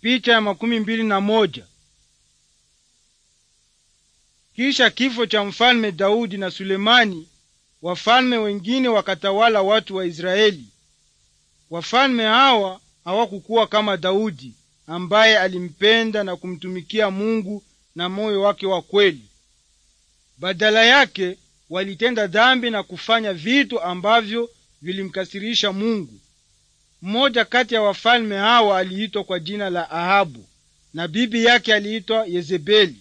Picha ya makumi mbili na moja. Kisha kifo cha mfalme Daudi na Sulemani, wafalme wengine wakatawala watu wa Israeli. Wafalme hawa hawakukuwa kama Daudi ambaye alimpenda na kumtumikia Mungu na moyo wake wa kweli. Badala yake walitenda dhambi na kufanya vitu ambavyo vilimkasirisha Mungu. Mmoja kati ya wafalme hawa aliitwa kwa jina la Ahabu na bibi yake aliitwa Yezebeli.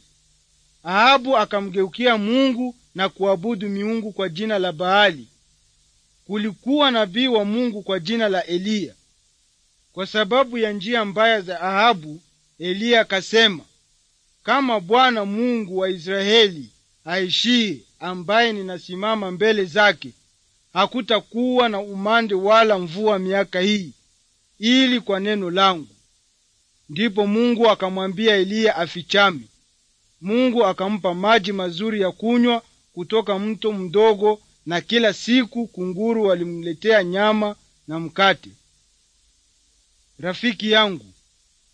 Ahabu akamgeukia Mungu na kuabudu miungu kwa jina la Baali. Kulikuwa nabii wa Mungu kwa jina la Eliya. Kwa sababu ya njia mbaya za Ahabu, Eliya akasema, kama Bwana Mungu wa Israeli aishiye, ambaye ninasimama mbele zake, hakutakuwa na umande wala mvua miaka hii ili kwa neno langu. Ndipo Mungu akamwambia Eliya afichame. Mungu akampa maji mazuri ya kunywa kutoka mto mdogo, na kila siku kunguru walimletea nyama na mkate. Rafiki yangu,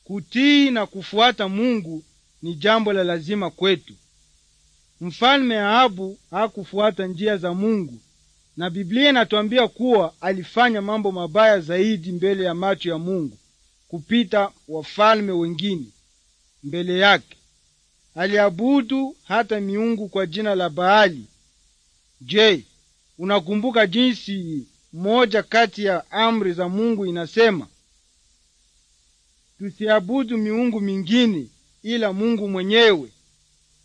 kutii na kufuata Mungu ni jambo la lazima kwetu. Mfalme Ahabu hakufuata njia za Mungu, na Biblia inatuambia kuwa alifanya mambo mabaya zaidi mbele ya macho ya Mungu kupita wafalme wengine mbele yake. Aliabudu hata miungu kwa jina la Baali. Je, unakumbuka jinsi moja kati ya amri za Mungu inasema tusiabudu miungu mingine ila Mungu mwenyewe,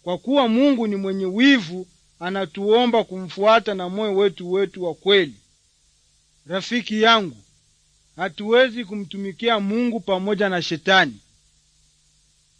kwa kuwa Mungu ni mwenye wivu anatuomba kumfuata na moyo wetu wetu wa kweli. Rafiki yangu, hatuwezi kumtumikia Mungu pamoja na Shetani.